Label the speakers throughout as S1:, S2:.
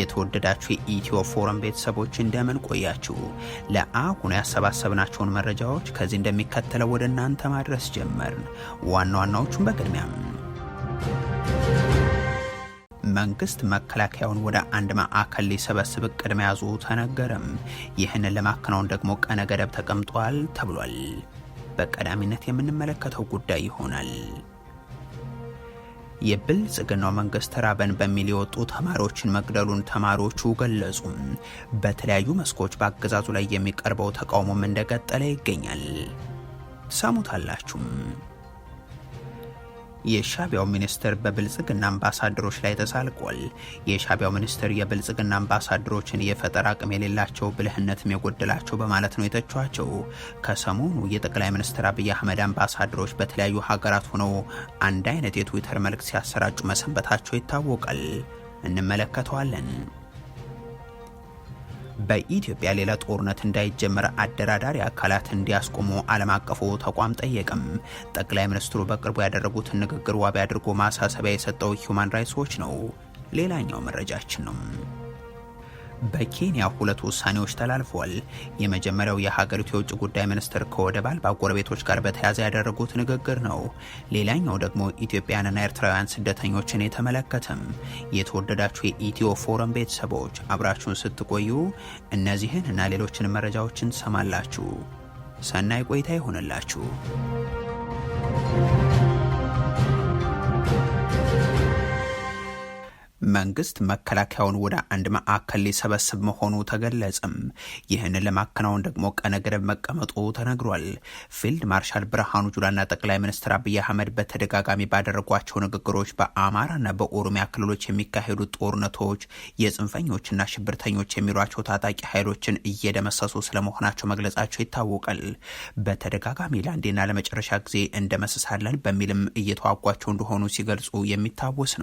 S1: የተወደዳችሁ የኢትዮ ፎረም ቤተሰቦች እንደምን ቆያችሁ? ለአሁን ያሰባሰብናቸውን መረጃዎች ከዚህ እንደሚከተለው ወደ እናንተ ማድረስ ጀመርን። ዋና ዋናዎቹን በቅድሚያም መንግስት መከላከያውን ወደ አንድ ማዕከል ሊሰበስብ እቅድ መያዙ ተነገረም። ይህንን ለማከናወን ደግሞ ቀነ ገደብ ተቀምጧል ተብሏል። በቀዳሚነት የምንመለከተው ጉዳይ ይሆናል። የብልጽግናው መንግስት ተራበን በሚል የወጡ ተማሪዎችን መግደሉን ተማሪዎቹ ገለጹ። በተለያዩ መስኮች በአገዛዙ ላይ የሚቀርበው ተቃውሞም እንደቀጠለ ይገኛል። ሰሙታላችሁም። የሻቢያው ሚኒስትር በብልጽግና አምባሳደሮች ላይ ተሳልቋል። የሻቢያው ሚኒስትር የብልጽግና አምባሳደሮችን የፈጠራ አቅም የሌላቸው ብልህነትም የጎደላቸው በማለት ነው የተቿቸው። ከሰሞኑ የጠቅላይ ሚኒስትር አብይ አህመድ አምባሳደሮች በተለያዩ ሀገራት ሆነው አንድ አይነት የትዊተር መልእክት ሲያሰራጩ መሰንበታቸው ይታወቃል። እንመለከተዋለን። በኢትዮጵያ ሌላ ጦርነት እንዳይጀመር አደራዳሪ አካላት እንዲያስቆሙ ዓለም አቀፉ ተቋም ጠየቅም። ጠቅላይ ሚኒስትሩ በቅርቡ ያደረጉትን ንግግር ዋቢ አድርጎ ማሳሰቢያ የሰጠው ሂውማን ራይትስ ዎች ነው። ሌላኛው መረጃችን ነው። በኬንያ ሁለት ውሳኔዎች ተላልፏል። የመጀመሪያው የሀገሪቱ የውጭ ጉዳይ ሚኒስትር ከወደብ አልባ ጎረቤቶች ጋር በተያያዘ ያደረጉት ንግግር ነው። ሌላኛው ደግሞ ኢትዮጵያንና ኤርትራውያን ስደተኞችን የተመለከተም። የተወደዳችሁ የኢትዮ ፎረም ቤተሰቦች አብራችሁን ስትቆዩ እነዚህን እና ሌሎችን መረጃዎችን ትሰማላችሁ። ሰናይ ቆይታ ይሆንላችሁ። መንግስት መከላከያውን ወደ አንድ ማዕከል ሊሰበስብ መሆኑ ተገለጸም። ይህን ለማከናወን ደግሞ ቀነ ገደብ መቀመጡ ተነግሯል። ፊልድ ማርሻል ብርሃኑ ጁላና ጠቅላይ ሚኒስትር አብይ አህመድ በተደጋጋሚ ባደረጓቸው ንግግሮች በአማራና በኦሮሚያ ክልሎች የሚካሄዱ ጦርነቶች የጽንፈኞችና ሽብርተኞች የሚሏቸው ታጣቂ ኃይሎችን እየደመሰሱ ስለመሆናቸው መግለጻቸው ይታወቃል። በተደጋጋሚ ለአንዴና ለመጨረሻ ጊዜ እንደመስሳለን በሚልም እየተዋጓቸው እንደሆኑ ሲገልጹ የሚታወስ ነው።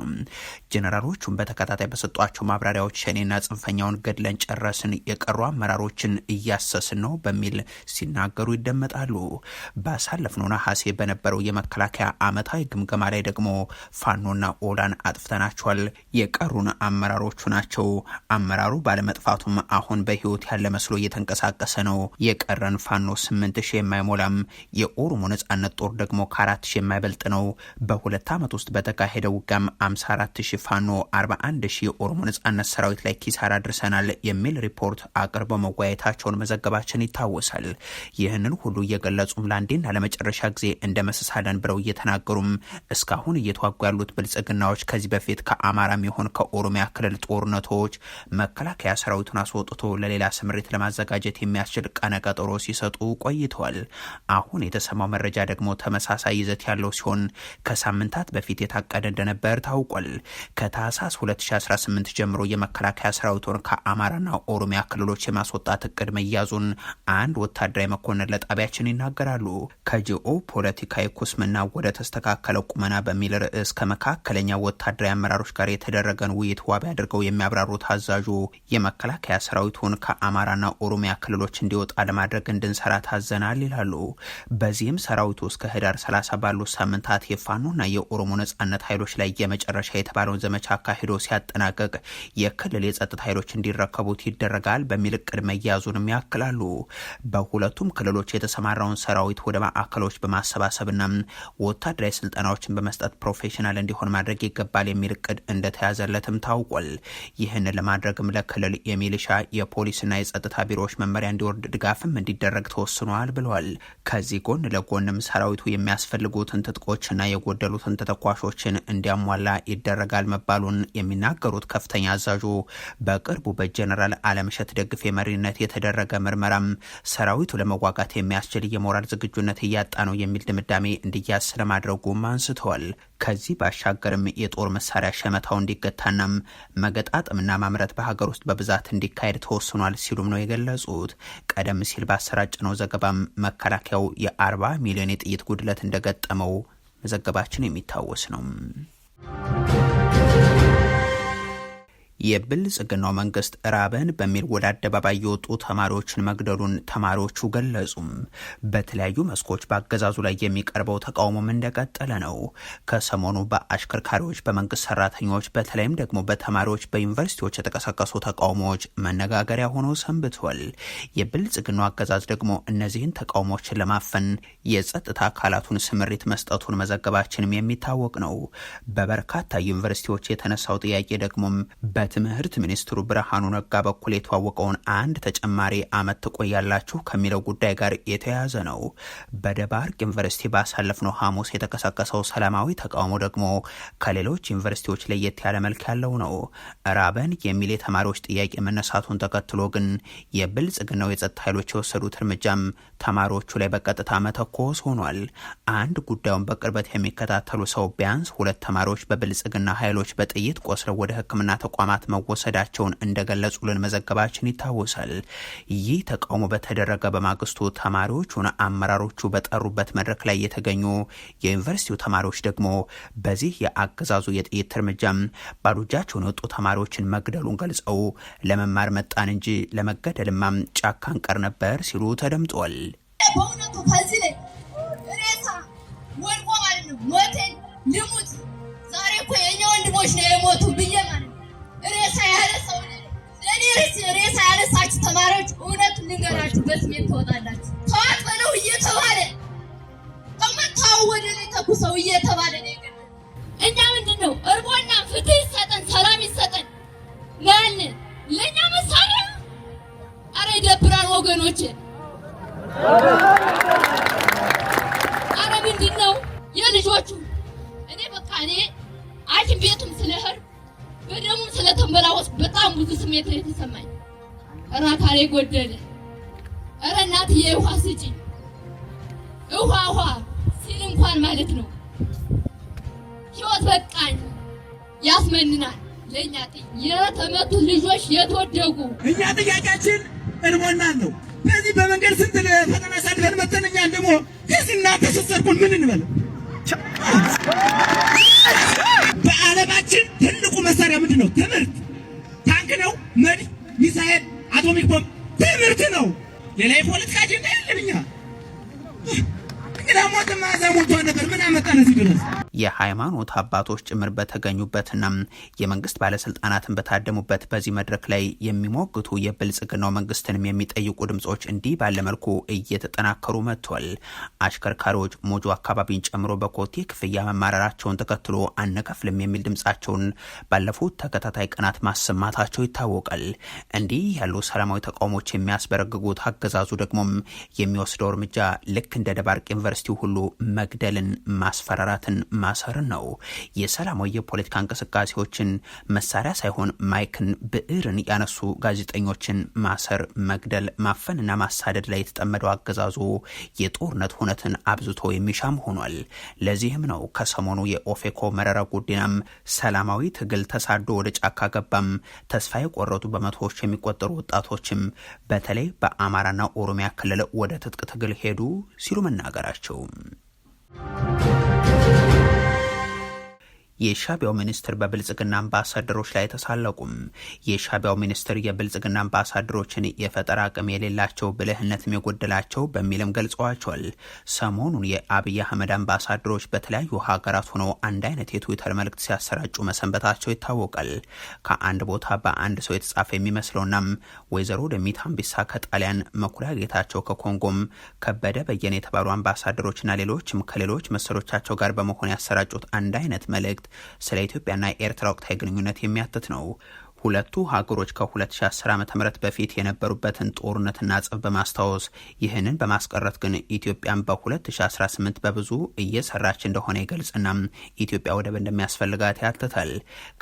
S1: ጀነራሎቹ ፓርቲዎቹን በተከታታይ በሰጧቸው ማብራሪያዎች ሸኔና ጽንፈኛውን ገድለን ጨረስን፣ የቀሩ አመራሮችን እያሰስን ነው በሚል ሲናገሩ ይደመጣሉ። ባሳለፍነው ነሐሴ በነበረው የመከላከያ አመታዊ ግምገማ ላይ ደግሞ ፋኖና ኦላን አጥፍተናቸዋል፣ የቀሩን አመራሮቹ ናቸው። አመራሩ ባለመጥፋቱም አሁን በህይወት ያለ መስሎ እየተንቀሳቀሰ ነው። የቀረን ፋኖ ስምንት ሺህ የማይሞላም የኦሮሞ ነጻነት ጦር ደግሞ ከአራት ሺህ የማይበልጥ ነው። በሁለት ዓመት ውስጥ በተካሄደው ውጋም 54 ሺህ ፋኖ 41 ሺህ የኦሮሞ ነጻነት ሰራዊት ላይ ኪሳራ አድርሰናል የሚል ሪፖርት አቅርበው መወያየታቸውን መዘገባችን ይታወሳል። ይህንን ሁሉ እየገለጹም ለአንዴና ለመጨረሻ ጊዜ እንደመሰሳለን ብለው እየተናገሩም እስካሁን እየተዋጉ ያሉት ብልጽግናዎች ከዚህ በፊት ከአማራም ይሁን ከኦሮሚያ ክልል ጦርነቶች መከላከያ ሰራዊቱን አስወጥቶ ለሌላ ስምሪት ለማዘጋጀት የሚያስችል ቀነ ቀጠሮ ሲሰጡ ቆይተዋል። አሁን የተሰማው መረጃ ደግሞ ተመሳሳይ ይዘት ያለው ሲሆን ከሳምንታት በፊት የታቀደ እንደነበር ታውቋል። ከታሳ ከታህሳስ 2018 ጀምሮ የመከላከያ ሰራዊቱን ከአማራና ኦሮሚያ ክልሎች የማስወጣት እቅድ መያዙን አንድ ወታደራዊ መኮንን ለጣቢያችን ይናገራሉ። ከጂኦ ፖለቲካዊ ኩስምና ወደ ተስተካከለ ቁመና በሚል ርዕስ ከመካከለኛ ወታደራዊ አመራሮች ጋር የተደረገን ውይይት ዋቢ አድርገው የሚያብራሩት አዛዡ የመከላከያ ሰራዊቱን ከአማራና ኦሮሚያ ክልሎች እንዲወጣ ለማድረግ እንድንሰራ ታዘናል ይላሉ። በዚህም ሰራዊቱ እስከ ህዳር 30 ባሉት ሳምንታት የፋኖና የኦሮሞ ነጻነት ኃይሎች ላይ የመጨረሻ የተባለውን ዘመቻ ሂዶ ሲያጠናቀቅ የክልል የጸጥታ ኃይሎች እንዲረከቡት ይደረጋል በሚል እቅድ መያዙንም ያክላሉ። በሁለቱም ክልሎች የተሰማራውን ሰራዊት ወደ ማዕከሎች በማሰባሰብና ወታደራዊ ስልጠናዎችን በመስጠት ፕሮፌሽናል እንዲሆን ማድረግ ይገባል የሚል እቅድ እንደተያዘለትም ታውቋል። ይህን ለማድረግም ለክልል የሚሊሻ የፖሊስና የጸጥታ ቢሮዎች መመሪያ እንዲወርድ ድጋፍም እንዲደረግ ተወስኗል ብለዋል። ከዚህ ጎን ለጎንም ሰራዊቱ የሚያስፈልጉትን ትጥቆችና የጎደሉትን ተተኳሾችን እንዲያሟላ ይደረጋል መባሉን የሚናገሩት ከፍተኛ አዛዡ በቅርቡ በጀነራል አለምሸት ደግፌ መሪነት የተደረገ ምርመራም ሰራዊቱ ለመዋጋት የሚያስችል የሞራል ዝግጁነት እያጣ ነው የሚል ድምዳሜ እንዲያዝ ስለማድረጉም አንስተዋል። ከዚህ ባሻገርም የጦር መሳሪያ ሸመታው እንዲገታናም መገጣጠምና ማምረት በሀገር ውስጥ በብዛት እንዲካሄድ ተወስኗል ሲሉም ነው የገለጹት። ቀደም ሲል ባሰራጭ ነው ዘገባም መከላከያው የ40 ሚሊዮን የጥይት ጉድለት እንደገጠመው መዘገባችን የሚታወስ ነው። የብልጽግናው መንግስት ራበን በሚል ወደ አደባባይ የወጡ ተማሪዎችን መግደሉን ተማሪዎቹ ገለጹም። በተለያዩ መስኮች በአገዛዙ ላይ የሚቀርበው ተቃውሞም እንደቀጠለ ነው። ከሰሞኑ በአሽከርካሪዎች፣ በመንግስት ሰራተኞች፣ በተለይም ደግሞ በተማሪዎች፣ በዩኒቨርሲቲዎች የተቀሰቀሱ ተቃውሞዎች መነጋገሪያ ሆኖ ሰንብቷል። የብልጽግናው አገዛዝ ደግሞ እነዚህን ተቃውሞዎችን ለማፈን የጸጥታ አካላቱን ስምሪት መስጠቱን መዘገባችንም የሚታወቅ ነው። በበርካታ ዩኒቨርሲቲዎች የተነሳው ጥያቄ ደግሞም በ በትምህርት ሚኒስትሩ ብርሃኑ ነጋ በኩል የተዋወቀውን አንድ ተጨማሪ አመት ትቆያላችሁ ከሚለው ጉዳይ ጋር የተያያዘ ነው። በደባርቅ ዩኒቨርሲቲ ባሳለፍነው ሐሙስ የተቀሰቀሰው ሰላማዊ ተቃውሞ ደግሞ ከሌሎች ዩኒቨርሲቲዎች ለየት ያለ መልክ ያለው ነው። ራበን የሚል የተማሪዎች ጥያቄ መነሳቱን ተከትሎ ግን የብልጽግናው የጸጥታ ኃይሎች የወሰዱት እርምጃም ተማሪዎቹ ላይ በቀጥታ መተኮስ ሆኗል። አንድ ጉዳዩን በቅርበት የሚከታተሉ ሰው ቢያንስ ሁለት ተማሪዎች በብልጽግና ኃይሎች በጥይት ቆስለው ወደ ሕክምና ተቋማት ህጻናት መወሰዳቸውን እንደገለጹልን መዘገባችን ይታወሳል። ይህ ተቃውሞ በተደረገ በማግስቱ ሆነ አመራሮቹ በጠሩበት መድረክ ላይ የተገኙ የዩኒቨርሲቲው ተማሪዎች ደግሞ በዚህ የአገዛዙ የጥይት እርምጃም ባዶ እጃቸውን የወጡ ተማሪዎችን መግደሉን ገልጸው ለመማር መጣን እንጂ ለመገደልማም ጫካ እንቀር ነበር ሲሉ ተደምጧል። በእውነቱ ከዚህ ላይ ልንገራችሁ፣ በስሜት ትወጣላችሁ። ተዋት በለው እየተባለ ተመታው ወደ ላይ ተኩሰው እየተባለ ነው እኛ ምንድን ነው እርቦና ፍትህ ይሰጠን፣ ሰላም ይሰጠን። ያን ለእኛ መሳሪያ አረ ይደብራን ወገኖች። አረ ምንድን ነው የልጆቹ እኔ በቃ እኔ ሐኪም ቤቱም ስለህር በደሙም ስለተንበላወስ በጣም ብዙ ስሜት ነው የተሰማኝ። ራካሬ ጎደለ እረ እናትዬ ውሃ ስጪ ውሃ ውሃ ሲል እንኳን ማለት ነው። ህይወት በቃኝ ያስመንናል። ለእኛ የተመቱ ልጆች የተወደጉ እኛ ጥያቄያችን እንሞናን ነው። በዚህ በመንገድ ስንት ፈተና ሳድፈን መተን እኛን ደግሞ ከዚህና ተሰሰርኩን ምን እንበል? በዓለማችን ትልቁ መሳሪያ ምንድን ነው? ትምህርት ታንክ ነው፣ መድፍ፣ ሚሳኤል፣ አቶሚክ ቦምብ ሌላ የፖለቲካ አጀንዳ የለብኛ የሃይማኖት አባቶች ጭምር በተገኙበትና የመንግስት ባለስልጣናትን በታደሙበት በዚህ መድረክ ላይ የሚሞግቱ የብልጽግናው መንግስትንም የሚጠይቁ ድምጾች እንዲህ ባለመልኩ እየተጠናከሩ መጥቷል። አሽከርካሪዎች ሞጆ አካባቢን ጨምሮ በኮቴ ክፍያ መማረራቸውን ተከትሎ አንከፍልም የሚል ድምጻቸውን ባለፉት ተከታታይ ቀናት ማሰማታቸው ይታወቃል። እንዲህ ያሉ ሰላማዊ ተቃውሞች የሚያስበረግጉት አገዛዙ ደግሞም የሚወስደው እርምጃ ልክ እንደ ደባርቅ ዩኒቨርሲቲ ሁሉ መግደልን፣ ማስፈራራትን፣ ማሰርን ነው። የሰላማዊ የፖለቲካ እንቅስቃሴዎችን መሳሪያ ሳይሆን ማይክን፣ ብዕርን ያነሱ ጋዜጠኞችን ማሰር፣ መግደል፣ ማፈንና ማሳደድ ላይ የተጠመደው አገዛዙ የጦርነት ሁነትን አብዝቶ የሚሻም ሆኗል። ለዚህም ነው ከሰሞኑ የኦፌኮ መረራ ጉዲናም ሰላማዊ ትግል ተሳዶ ወደ ጫካ ገባም፣ ተስፋ የቆረጡ በመቶዎች የሚቆጠሩ ወጣቶችም በተለይ በአማራና ኦሮሚያ ክልል ወደ ትጥቅ ትግል ሄዱ ሲሉ መናገራቸው Thank you. የሻቢያው ሚኒስትር በብልጽግና አምባሳደሮች ላይ ተሳለቁም። የሻቢያው ሚኒስትር የብልጽግና አምባሳደሮችን የፈጠራ አቅም የሌላቸው ብልህነትም የጎደላቸው በሚልም ገልጸዋቸዋል። ሰሞኑን የአብይ አህመድ አምባሳደሮች በተለያዩ ሀገራት ሆነው አንድ አይነት የትዊተር መልእክት ሲያሰራጩ መሰንበታቸው ይታወቃል። ከአንድ ቦታ በአንድ ሰው የተጻፈ የሚመስለውናም ወይዘሮ ደሚት አምቢሳ ከጣሊያን፣ መኩሪያ ጌታቸው ከኮንጎም፣ ከበደ በየነ የተባሉ አምባሳደሮችና ሌሎችም ከሌሎች መሰሎቻቸው ጋር በመሆን ያሰራጩት አንድ አይነት መልእክት ስለ ኢትዮጵያና ኤርትራ ወቅታዊ ግንኙነት የሚያትት ነው። ሁለቱ ሀገሮች ከ2010 ዓ ም በፊት የነበሩበትን ጦርነትና ጸብ በማስታወስ ይህንን በማስቀረት ግን ኢትዮጵያን በ2018 በብዙ እየሰራች እንደሆነ ይገልጽና ኢትዮጵያ ወደብ እንደሚያስፈልጋት ያትታል።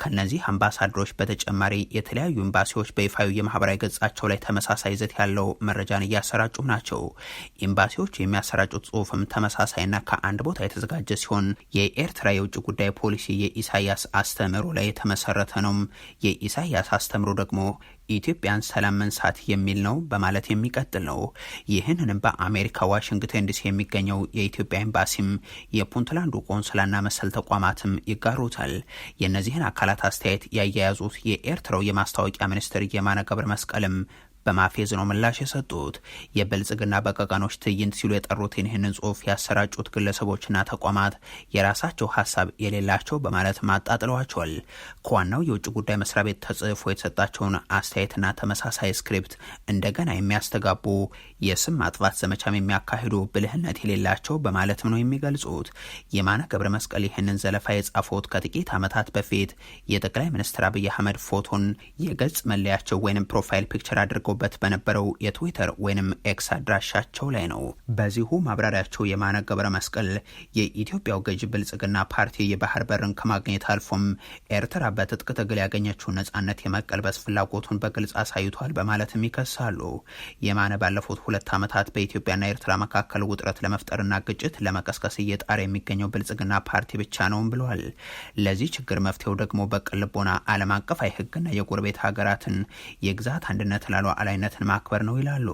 S1: ከነዚህ አምባሳደሮች በተጨማሪ የተለያዩ ኤምባሲዎች በይፋዊ የማህበራዊ ገጻቸው ላይ ተመሳሳይ ይዘት ያለው መረጃን እያሰራጩም ናቸው። ኤምባሲዎች የሚያሰራጩት ጽሁፍም ተመሳሳይና ከአንድ ቦታ የተዘጋጀ ሲሆን የኤርትራ የውጭ ጉዳይ ፖሊሲ የኢሳያስ አስተምህሮ ላይ የተመሰረተ ነው። የኢሳ የኢሳያስ አስተምሮ ደግሞ ኢትዮጵያን ሰላም መንሳት የሚል ነው በማለት የሚቀጥል ነው። ይህንንም በአሜሪካ ዋሽንግተን ዲሲ የሚገኘው የኢትዮጵያ ኤምባሲም የፑንትላንዱ ቆንስላና መሰል ተቋማትም ይጋሩታል። የእነዚህን አካላት አስተያየት ያያያዙት የኤርትራው የማስታወቂያ ሚኒስትር የማነ ገብረ መስቀልም በማፌዝ ነው ምላሽ የሰጡት። የብልጽግና በቀቀኖች ትዕይንት ሲሉ የጠሩትን ይህንን ጽሁፍ ያሰራጩት ግለሰቦችና ተቋማት የራሳቸው ሀሳብ የሌላቸው በማለት ማጣጥለዋቸዋል። ከዋናው የውጭ ጉዳይ መስሪያ ቤት ተጽፎ የተሰጣቸውን አስተያየትና ተመሳሳይ ስክሪፕት እንደገና የሚያስተጋቡ የስም ማጥፋት ዘመቻም የሚያካሂዱ ብልህነት የሌላቸው በማለትም ነው የሚገልጹት። የማነ ገብረ መስቀል ይህንን ዘለፋ የጻፉት ከጥቂት ዓመታት በፊት የጠቅላይ ሚኒስትር አብይ አህመድ ፎቶን የገጽ መለያቸው ወይም ፕሮፋይል ፒክቸር አድርገው ተደርጎበት በነበረው የትዊተር ወይንም ኤክስ አድራሻቸው ላይ ነው። በዚሁ ማብራሪያቸው የማነ ገብረ መስቀል የኢትዮጵያው ገዥ ብልጽግና ፓርቲ የባህር በርን ከማግኘት አልፎም ኤርትራ በትጥቅ ትግል ያገኘችውን ነጻነት የመቀልበስ ፍላጎቱን በግልጽ አሳይቷል በማለትም ይከሳሉ። የማነ ባለፉት ሁለት ዓመታት በኢትዮጵያና ኤርትራ መካከል ውጥረት ለመፍጠርና ግጭት ለመቀስቀስ እየጣረ የሚገኘው ብልጽግና ፓርቲ ብቻ ነውም ብለዋል። ለዚህ ችግር መፍትሄው ደግሞ በቅልቦና አለም ዓለም አቀፋዊ ሕግና የጎረቤት ሀገራትን የግዛት አንድነት ላሉ ሉዓላዊነትን ማክበር ነው ይላሉ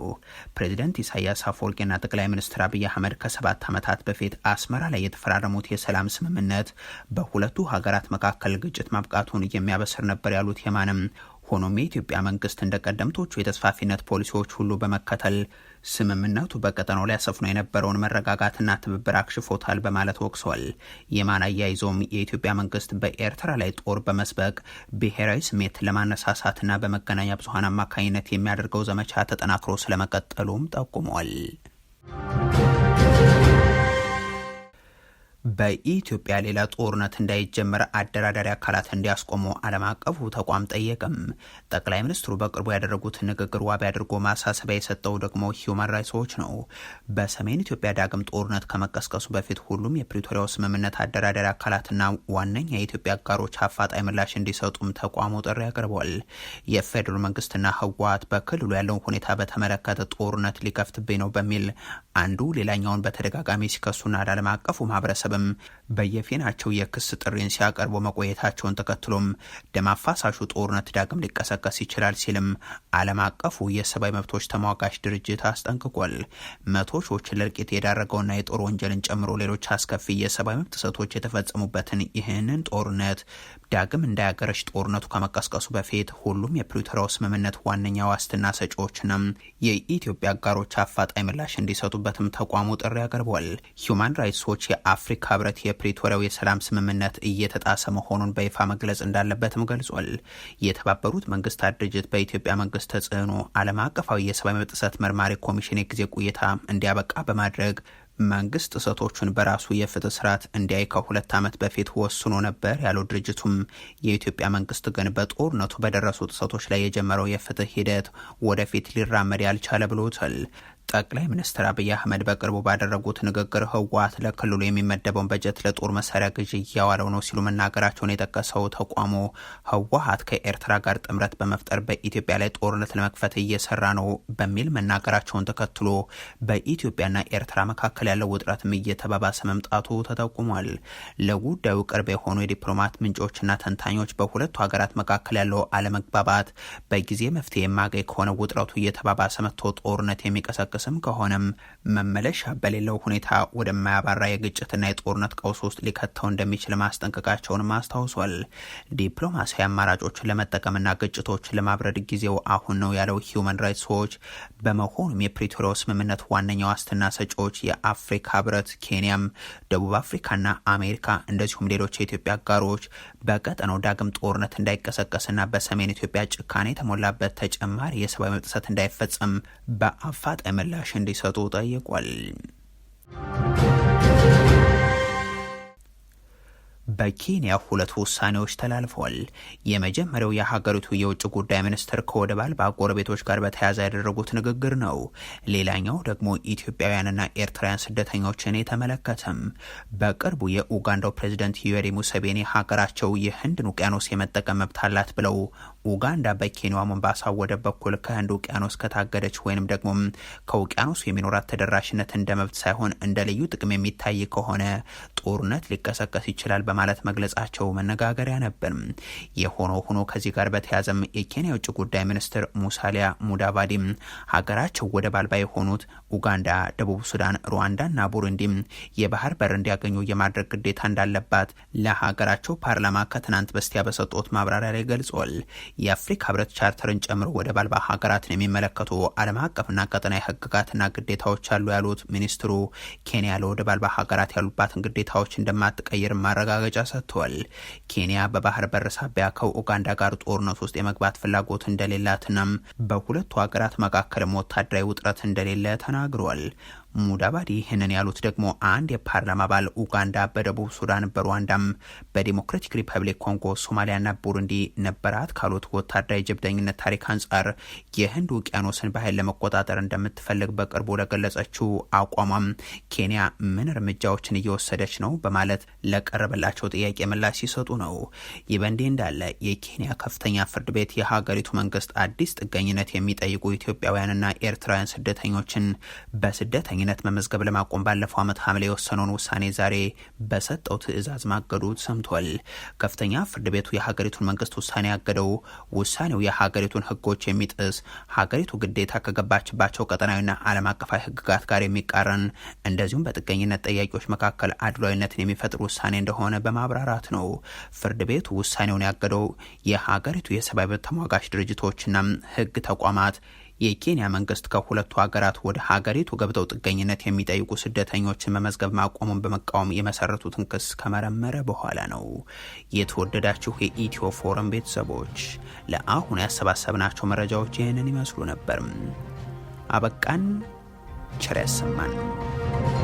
S1: ፕሬዚደንት ኢሳያስ አፈወርቂና ጠቅላይ ሚኒስትር አብይ አህመድ ከሰባት ዓመታት በፊት አስመራ ላይ የተፈራረሙት የሰላም ስምምነት በሁለቱ ሀገራት መካከል ግጭት ማብቃቱን የሚያበስር ነበር ያሉት የማንም ሆኖም የኢትዮጵያ መንግስት እንደ ቀደምቶቹ የተስፋፊነት ፖሊሲዎች ሁሉ በመከተል ስምምነቱ በቀጠናው ላይ ሰፍኖ የነበረውን መረጋጋትና ትብብር አክሽፎታል በማለት ወቅሰዋል። የማን አያይዞም የኢትዮጵያ መንግስት በኤርትራ ላይ ጦር በመስበቅ ብሔራዊ ስሜት ለማነሳሳትና በመገናኛ ብዙሀን አማካኝነት የሚያደርገው ዘመቻ ተጠናክሮ ስለመቀጠሉም ጠቁሟል። በኢትዮጵያ ሌላ ጦርነት እንዳይጀመር አደራዳሪ አካላት እንዲያስቆሙ ዓለም አቀፉ ተቋም ጠየቅም። ጠቅላይ ሚኒስትሩ በቅርቡ ያደረጉት ንግግር ዋቢ አድርጎ ማሳሰቢያ የሰጠው ደግሞ ሂውማን ራይትስ ዎች ነው። በሰሜን ኢትዮጵያ ዳግም ጦርነት ከመቀስቀሱ በፊት ሁሉም የፕሪቶሪያው ስምምነት አደራዳሪ አካላትና ዋነኛ የኢትዮጵያ አጋሮች አፋጣኝ ምላሽ እንዲሰጡም ተቋሙ ጥሪ አቅርቧል። የፌዴራል መንግስትና ህወሓት በክልሉ ያለውን ሁኔታ በተመለከተ ጦርነት ሊከፍትብኝ ነው በሚል አንዱ ሌላኛውን በተደጋጋሚ ሲከሱና ለዓለም አቀፉ ማህበረሰብ በማቅረብም በየፊናቸው የክስ ጥሪን ሲያቀርቡ መቆየታቸውን ተከትሎም ደም አፋሳሹ ጦርነት ዳግም ሊቀሰቀስ ይችላል ሲልም ዓለም አቀፉ የሰብአዊ መብቶች ተሟጋች ድርጅት አስጠንቅቋል። መቶ ሺዎች ለእልቂት የዳረገውና የጦር ወንጀልን ጨምሮ ሌሎች አስከፊ የሰብአዊ መብት ጥሰቶች የተፈጸሙበትን ይህንን ጦርነት ዳግም እንዳያገረሽ ጦርነቱ ከመቀስቀሱ በፊት ሁሉም የፕሪቶሪያው ስምምነት ዋነኛ ዋስትና ሰጪዎችንም የኢትዮጵያ አጋሮች አፋጣኝ ምላሽ እንዲሰጡበትም ተቋሙ ጥሪ አቅርቧል። ሁማን ራይትስ ዎች የአፍሪካ ህብረት የፕሪቶሪያው የሰላም ስምምነት እየተጣሰ መሆኑን በይፋ መግለጽ እንዳለበትም ገልጿል። የተባበሩት መንግስታት ድርጅት በኢትዮጵያ መንግስት ተጽዕኖ ዓለም አቀፋዊ የሰብአዊ መብት ጥሰት መርማሪ ኮሚሽን የጊዜ ቁይታ እንዲያበቃ በማድረግ መንግስት ጥሰቶቹን በራሱ የፍትህ ስርዓት እንዲያይ ከሁለት ዓመት በፊት ወስኖ ነበር ያለው ድርጅቱም የኢትዮጵያ መንግስት ግን በጦርነቱ በደረሱ ጥሰቶች ላይ የጀመረው የፍትህ ሂደት ወደፊት ሊራመድ ያልቻለ ብሎታል። ጠቅላይ ሚኒስትር አብይ አህመድ በቅርቡ ባደረጉት ንግግር ህወሓት ለክልሉ የሚመደበውን በጀት ለጦር መሳሪያ ግዢ እያዋለው ነው ሲሉ መናገራቸውን የጠቀሰው ተቋሙ ህወሓት ከኤርትራ ጋር ጥምረት በመፍጠር በኢትዮጵያ ላይ ጦርነት ለመክፈት እየሰራ ነው በሚል መናገራቸውን ተከትሎ በኢትዮጵያና ኤርትራ መካከል ያለው ውጥረትም እየተባባሰ መምጣቱ ተጠቁሟል። ለጉዳዩ ቅርብ የሆኑ የዲፕሎማት ምንጮችና ተንታኞች በሁለቱ ሀገራት መካከል ያለው አለመግባባት በጊዜ መፍትሄ የማገኝ ከሆነ ውጥረቱ እየተባባሰ መጥቶ ጦርነት የሚቀሰቅ የሚቀሰቅስም ከሆነም መመለሻ በሌለው ሁኔታ ወደማያባራ የግጭትና የጦርነት ቀውስ ውስጥ ሊከተው እንደሚችል ማስጠንቀቃቸውንም አስታውሷል። ዲፕሎማሲያዊ አማራጮችን ለመጠቀምና ግጭቶችን ለማብረድ ጊዜው አሁን ነው ያለው ሂውማን ራይትስ ዎች፣ በመሆኑም የፕሪቶሪያው ስምምነት ዋነኛ ዋስትና ሰጪዎች የአፍሪካ ህብረት፣ ኬንያም፣ ደቡብ አፍሪካና አሜሪካ እንደዚሁም ሌሎች የኢትዮጵያ አጋሮች በቀጠናው ዳግም ጦርነት እንዳይቀሰቀስና በሰሜን ኢትዮጵያ ጭካኔ የተሞላበት ተጨማሪ የሰብአዊ መብት ጥሰት እንዳይፈጸም በአፋጣኝ ምላሽ እንዲሰጡ ጠይቋል። በኬንያ ሁለት ውሳኔዎች ተላልፈዋል። የመጀመሪያው የሀገሪቱ የውጭ ጉዳይ ሚኒስትር ከወደብ አልባ ጎረቤቶች ጋር በተያያዘ ያደረጉት ንግግር ነው። ሌላኛው ደግሞ ኢትዮጵያውያንና ኤርትራውያን ስደተኞችን የተመለከተም። በቅርቡ የኡጋንዳው ፕሬዚደንት ዩዌሪ ሙሴቬኒ ሀገራቸው የህንድን ውቅያኖስ የመጠቀም መብት አላት ብለው ኡጋንዳ በኬንያ ሞምባሳ ወደብ በኩል ከህንድ ውቅያኖስ ከታገደች ወይንም ደግሞ ከውቅያኖሱ የሚኖራት ተደራሽነት እንደ መብት ሳይሆን እንደ ልዩ ጥቅም የሚታይ ከሆነ ጦርነት ሊቀሰቀስ ይችላል በማለት መግለጻቸው መነጋገሪያ ነበር። የሆኖ ሆኖ ከዚህ ጋር በተያያዘም የኬንያ የውጭ ጉዳይ ሚኒስትር ሙሳሊያ ሙዳቫዲ ሀገራቸው ወደብ አልባ የሆኑት ኡጋንዳ፣ ደቡብ ሱዳን፣ እና ቡሩንዲም የባህር በር እንዲያገኙ የማድረግ ግዴታ እንዳለባት ለሀገራቸው ፓርላማ ከትናንት በስቲያ በሰጡት ማብራሪያ ላይ ገልጿል። የአፍሪካ ህብረት ቻርተርን ጨምሮ ወደብ አልባ ሀገራትን የሚመለከቱ ዓለም አቀፍና ቀጠናዊ ህግጋትና ግዴታዎች አሉ ያሉት ሚኒስትሩ ኬንያ ለወደብ አልባ ሀገራት ያሉባትን ግዴታዎች እንደማትቀይር ማረጋገጫ ሰጥተዋል። ኬንያ በባህር በር ሳቢያ ከኡጋንዳ ጋር ጦርነት ውስጥ የመግባት ፍላጎት እንደሌላትና በሁለቱ ሀገራት መካከልም ወታደራዊ ውጥረት እንደሌለ ተናል ተናግረዋል። ሙዳባዲ ይህንን ያሉት ደግሞ አንድ የፓርላማ አባል ኡጋንዳ፣ በደቡብ ሱዳን፣ በሩዋንዳም፣ በዲሞክራቲክ ሪፐብሊክ ኮንጎ፣ ሶማሊያና ቡሩንዲ ነበራት ካሉት ወታደራዊ ጀብደኝነት ታሪክ አንጻር የህንድ ውቅያኖስን በኃይል ለመቆጣጠር እንደምትፈልግ በቅርቡ ለገለጸችው አቋሟም ኬንያ ምን እርምጃዎችን እየወሰደች ነው በማለት ለቀረበላቸው ጥያቄ ምላሽ ሲሰጡ ነው። ይህ በእንዲህ እንዳለ የኬንያ ከፍተኛ ፍርድ ቤት የሀገሪቱ መንግስት አዲስ ጥገኝነት የሚጠይቁ ኢትዮጵያውያንና ኤርትራውያን ስደተኞችን በስደተኝ በዳኝነት መመዝገብ ለማቆም ባለፈው ዓመት ሐምሌ የወሰነውን ውሳኔ ዛሬ በሰጠው ትዕዛዝ ማገዱ ሰምቷል። ከፍተኛ ፍርድ ቤቱ የሀገሪቱን መንግስት ውሳኔ ያገደው ውሳኔው የሀገሪቱን ህጎች የሚጥስ ሀገሪቱ ግዴታ ከገባችባቸው ቀጠናዊና ዓለም አቀፋዊ ህግጋት ጋር የሚቃረን እንደዚሁም በጥገኝነት ጠያቂዎች መካከል አድሏዊነትን የሚፈጥር ውሳኔ እንደሆነ በማብራራት ነው። ፍርድ ቤቱ ውሳኔውን ያገደው የሀገሪቱ የሰብአዊ መብት ተሟጋች ድርጅቶችና ህግ ተቋማት የኬንያ መንግስት ከሁለቱ ሀገራት ወደ ሀገሪቱ ገብተው ጥገኝነት የሚጠይቁ ስደተኞችን መመዝገብ ማቆሙን በመቃወም የመሰረቱትን ክስ ከመረመረ በኋላ ነው። የተወደዳችሁ የኢትዮ ፎረም ቤተሰቦች ለአሁን ያሰባሰብናቸው መረጃዎች ይህንን ይመስሉ ነበር። አበቃን። ቸር ያሰማን።